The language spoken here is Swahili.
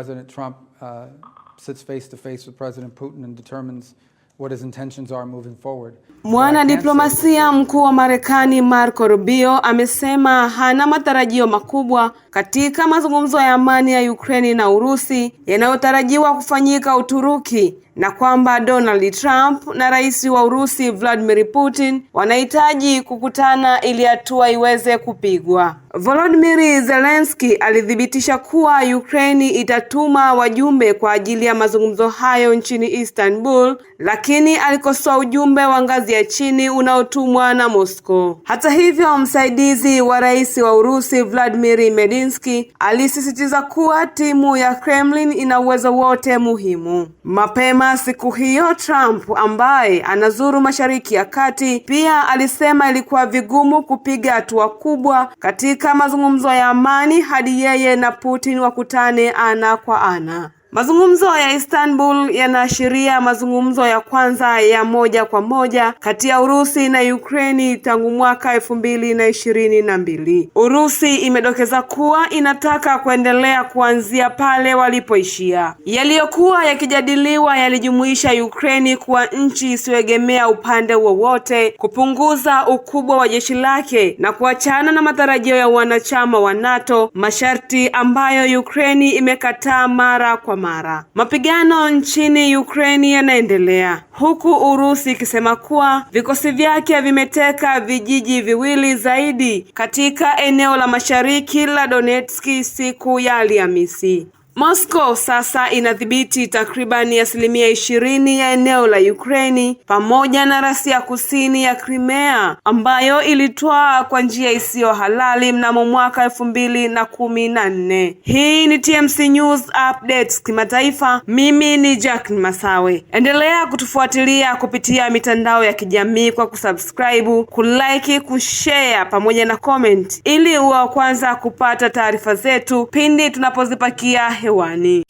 President Trump uh, sits face to face with President Putin and determines what his intentions are moving forward. Mwanadiplomasia mkuu wa Marekani Marco Rubio amesema hana matarajio makubwa katika mazungumzo ya amani ya Ukraini na Urusi yanayotarajiwa kufanyika Uturuki na kwamba Donald Trump na rais wa Urusi Vladimir Putin wanahitaji kukutana ili hatua iweze kupigwa. Volodymyr Zelensky alithibitisha kuwa Ukraine itatuma wajumbe kwa ajili ya mazungumzo hayo nchini Istanbul, lakini alikosoa ujumbe wa ngazi ya chini unaotumwa na Moscow. Hata hivyo, msaidizi wa rais wa Urusi Vladimir Medinsky alisisitiza kuwa timu ya Kremlin ina uwezo wote muhimu. Mapema Mapema siku hiyo Trump ambaye anazuru Mashariki ya Kati pia alisema ilikuwa vigumu kupiga hatua kubwa katika mazungumzo ya amani hadi yeye na Putin wakutane ana kwa ana. Mazungumzo ya Istanbul yanaashiria mazungumzo ya kwanza ya moja kwa moja kati ya Urusi na Ukraini tangu mwaka elfu mbili na ishirini na mbili. Urusi imedokeza kuwa inataka kuendelea kuanzia pale walipoishia. Yaliyokuwa yakijadiliwa yalijumuisha Ukraini kuwa nchi isiyoegemea upande wowote, kupunguza ukubwa wa jeshi lake na kuachana na matarajio ya wanachama wa NATO, masharti ambayo Ukraini imekataa mara kwa mara. Mapigano nchini Ukraine yanaendelea huku Urusi ikisema kuwa vikosi vyake vimeteka vijiji viwili zaidi katika eneo la mashariki la Donetski siku ya Alhamisi. Moscow sasa inadhibiti takribani asilimia ishirini ya eneo la Ukraini pamoja na Rasia kusini ya Crimea ambayo ilitwaa kwa njia isiyo halali mnamo mwaka elfu mbili na kumi na nne. Hii ni TMC News Updates kimataifa. Mimi ni Jack Masawe. Endelea kutufuatilia kupitia mitandao ya kijamii kwa kusubscribe, kulike, kushare pamoja na comment ili uwe wa kwanza kupata taarifa zetu pindi tunapozipakia hewani.